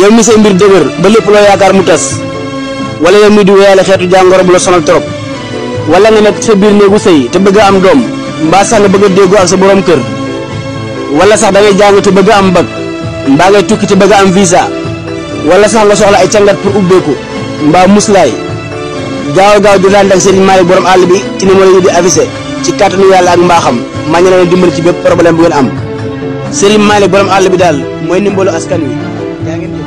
yow mi sey mbir deuguer ba lepp lo yaakar mu tass wala yow mi di wéyale xeetu jangoro bu la sonal torop wala nga nek sa bir neegu sey te bëgg am dom mba sax nga bëgg ak sa borom kër wala sax da ngay jàng te bëgg am mba ngay tukki te bëgg am visa wala sax nga soxla ay cangat pour ubbeeku mba muslay gaaw gaaw jotaan ak sëriñ Malick borom all bi ci ni mo la di avisé ci katanu yalla ak mbaxam ma ñu lay dimbal ci bëpp problème bu ngeen am sëriñ Malick borom àll bi daal askan wi ngeen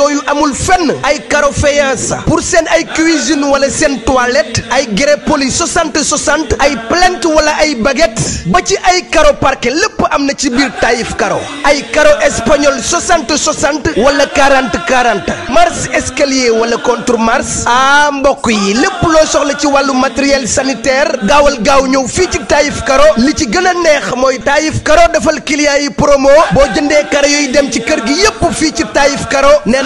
fondation yu amul fenn ay carreau faïence pour seen ay cuisine wala seen toilette ay grès poli soixante soixante ay plinthe wala ay baguette ba ci ay carreau parquet lépp am na ci biir Taïf Carreau ay carreau espagnol soixante soixante wala quarante quarante marche escalier wala contre marche ah mbokk yi lépp loo soxla ci wàllu matériel sanitaire gaawal gaaw ñëw fii ci Taïf Carreau li ci gën a neex mooy Taïf Carreau defal client yi promo boo jëndee carreau yooyu dem ci kër gi yépp fii ci Taïf Carreau nee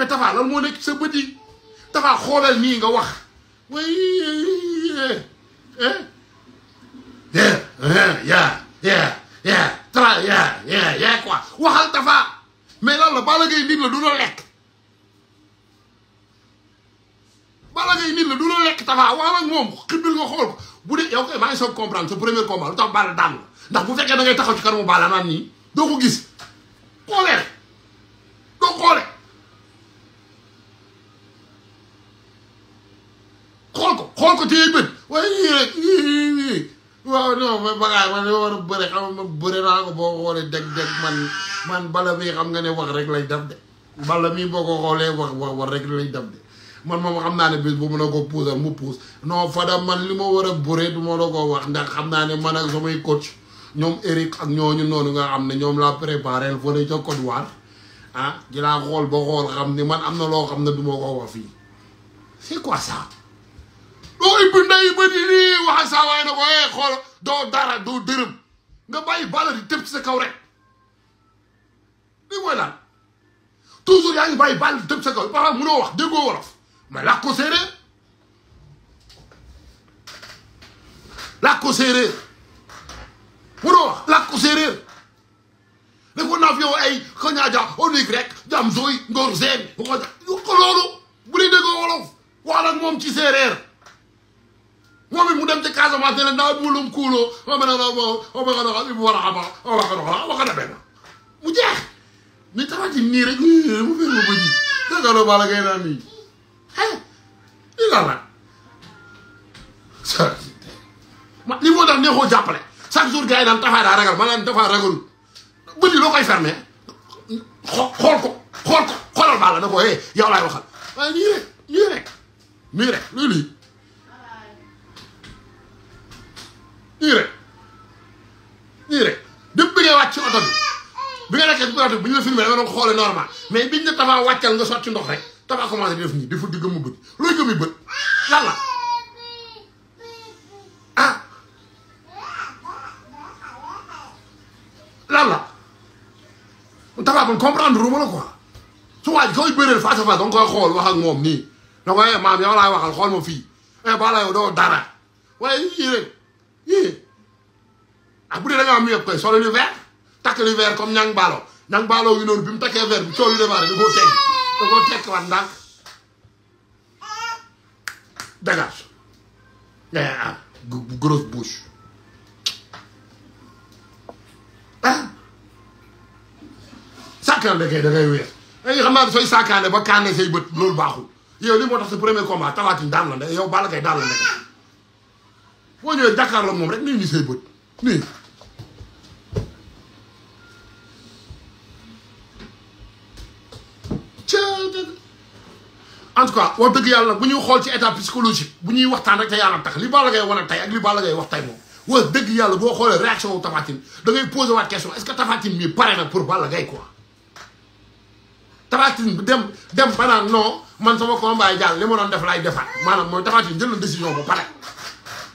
mais Tafa lan moo nekk sa bët yi nga wax way ya ya ya tra ya ya ya quoi waxal Tafa mais la Balla Gaye nit la du la lekk Balla Gaye nit la du la lekk moom xibbil nga xool ko bu dee yow kay maa ngi soog comprendre sa premier combat bu fekkee da ngay taxaw ci kanamu Balla naan nii gis xoolee doo xoolee xonk xonk téye bët waaye yii rek yii waaw non man bagaay man war a bëre xam man bëre naa ko boo xoolee deg man man bala mi xam nga ne wax rek lay def de bala mi boo ko xoolee wax wax wax rek lay def de man moom xam naa ne bis bu mun a ko puusal mu puus non fada man li ma war a bëre du ma la ko wax ndax xam naa ne man ak samay coach ñoom Eric ak ñooñu noonu nga xam ne ñoom laa préparé fële ca Côte d'Ivoire ah di laa xool ba xool xam ni man am na loo xam ne du ma ko wax c'est quoi ça doo ëpp nday ba di nii waxa saa waay na ko eh xool doo dara doo dërëm nga bàyyi bala di tëb ci sa kaw rek lii mooy lan yaa ngi bàyyi bala di tëb sa kaw ba xam mënoo wax déggoo wolof mais làkk ko séeréer làkk ko séeréer mënoo wax làkk ko séeréer defoon naa fi yow ay xañaaja au grec jam moom ci moom it mu dem ci Casamance ne leen daa buulum kuuloo ma mën a ma ma ma ma war a ah, mu jeex mais tamati nii rek eh, eh, mu fexe ma bëri dëggaloo Balla Gaye naan nii eh lii lan la. rek nii rek nii rek nii rek nii rek dëpp bi ngay wàcc ci oto bi bi nga nekkee ci oto bi bu ñu la filmé da nga doon xoolee normal mais biñ ne Tapha wàccal nga sotti ndox rek Tapha commencé di def nii dafa digg mu bët looy gëm yi bët lan la ah lan la Tapha man comprendre lu ma la quoi su waaj koy bëreel face à face da nga koy xool wax ak moom nii da nga koy eh, maam yow laay waxal xool ma fii eh balaa yow doo dara waaye yii rek. ah bu dee da nga am yëpp koy solo lu vert takk lu vert comme ñang baalo ñang baalo gi noonu bi mu takkee vert bi coow yu démarré da koo tegg da koo tekk waat ndànk dégage nga eh, am ah, grosse bouche ah sàkkaan da kay da ngay wéer ay eh, xam naa sooy sàkkaane ba kaane say bët loolu baaxul yow li moo tax sa premier combat talaatiñ daan la nde yow bala kay daan la nde boo ñëwee jàkkaarloo moom rek nii ñu say bët nii en tout cas wax dëgg yàlla bu ñuy xool ci état psychologique bu ñuy waxtaan rek te yàlla tax li Balla Gaye wane tey ak li Balla Gaye wax tey moom wax dëgg yàlla boo xoolee réaction wu Tapha Tine da ngay posé waat question est-ce que Tapha Tine mii pare na pour Balla Gaye quoi Tapha Tine dem dem ba naan non man sama combat yi jàll li ma doon def laay defaat maanaam mooy Tapha Tine jël na décision bu pare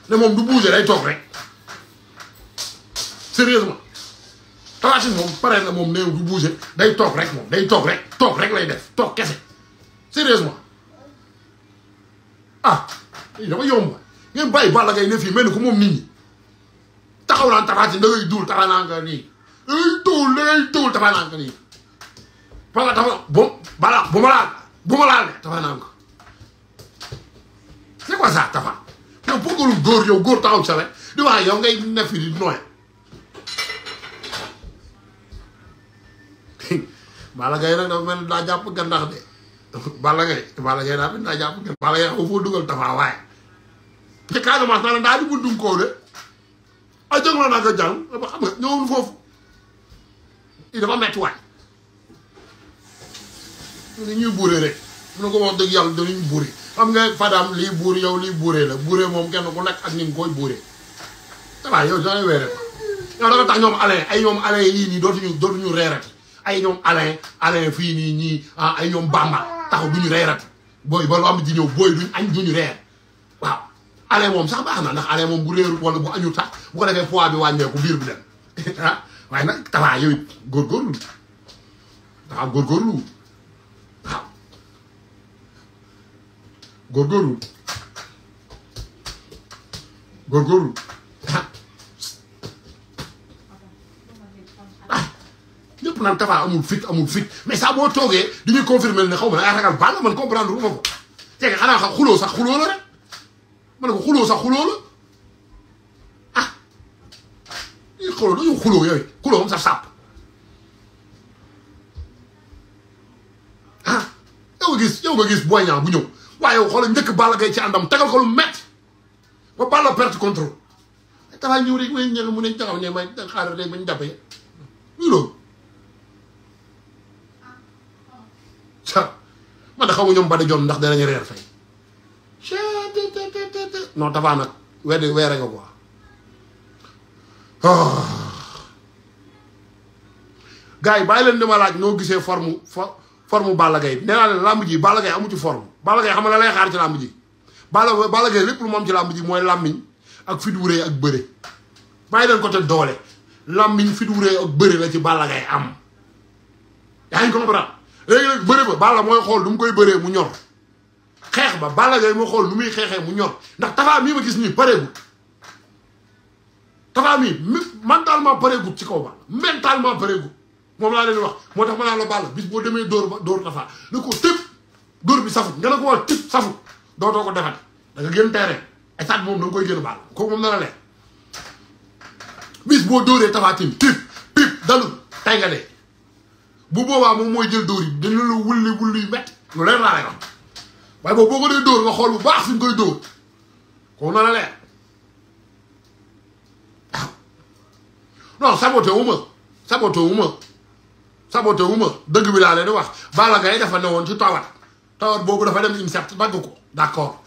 ne moom du bouger day toog rek sérieusement Tafatin moom pare na moom néew du bouger day toog rek moom day toog rek toog rek lay def toog kese sérieusement ah i dafa yomb ngeen bàyyi Balla Gaye ne fii mel ni ko moom nit ñi taxaw naan Tafatin da ngay duul taxaw nii da ngay duul da ngay duul nii bala tafa bu bala bu nekkul góor yow góor taxaw saret di wax yow ngay ne fi di nooy Balla Gaye nag dafa mel ni daa jàpp gandax de Balla Gaye Balla Gaye daa mel ni daa jàpp gandax Balla Gaye xaw foo dugal tafaa waaye te Casamance naa ne daa di buddum koow de a jëg la naa ko jàng ba xam nga ñëwul foofu i dafa metti waay ni ñuy buuree rek mu ne ko wax dëgg yàlla dañuy buuree xam nga fadaam lii buur yow lii buuree la buuree moom kenn ku nekk ak ni nga koy buuree waaw yow soo weeree yow da nga tax ñoom Alain ay ñoom Alain yii nii dootuñu dootuñu reerati ay ñoom Alain Alain fii nii ñii ah, ay ñoom Bamba taxu duñu reerati booy ba lu am di ñëw booy duñ añ duñu reer waaw Alain moom sax baax na ndax Alain moom bu réeru wala bu añul sax bu ko defee poids bi wàññeeku biir bi dem ah waaye nag tabax yooyu góorgóorlu tabax góorgóorlu. góorgóorlu góorgóorlu ah ñëpp naan Tapha amul fit amul fit mais saa boo toogee di ñuy confirmer ne xaw ma ne ah ay ragal baal man comprendre lu ma ko. c'est que xanaa xuloo sax xuloo la rek ma ne ko xuloo sax xuloo la ah lii xuloo dañoo xuloo yooyu xuloo moom sax sàpp ah yow nga gis yow nga gis Boy Niang bu waaye yow xoolal njëkk Balla Gaye ci àndam tegal ko lu métti ba Balla perte contrôle dafa ñëw rek may ñëw mu ne taxaw ne may xaaral rek bañ jàppee muy de xaw ma ñoom Bada ndax danañu reer fay. non tafaa nag weer weere nga quoi. Ah. gars yi bàyyi leen di ma laaj noo gisee forme forme Balla Gaye nee naa leen làmb ji Balla Gaye amu ci forme Balla Gaye xam la lay xaar ci làmb ji Balla Balla Gaye lépp lu mu am ci làmb ji mooy làmmiñ ak fit wu rëy ak bëre bàyyi leen côté doole làmmiñ fit wu rëy ak la ci Balla Gaye am yaa ngi comprendre ba Balla mooy xool lu koy bëree mu ñor xeex ba Balla Gaye xool lu muy xeexee mu ñor ndax tafaa mii ma gis nii pareegul tafaa mii mentalement pareegul ci kaw ba mentalement pareegul moom laa leen wax moo tax ma naa la bàll bis boo demee door ba dóor tafaa ne ko tëb dóor bi safut nga ne ko wax tëb safut dootoo ko defati da nga génn terrain koy génn bàll kooku moom na la leen bis boo dóoree dee bu boobaa moom mooy jël dóor yi dañu la wulli wulli yu lu leen laa lay wax waaye boobu boo ko dee door nga xool bu baax fi nga koy dóor kooku la leen waaw non saboté wu ma saboté wu saboté wu ma dëgg bi laa leen di wax Balla Gaye dafa newoon ci tawat tawat boobu dafa dem INSEP dagg ko d' accord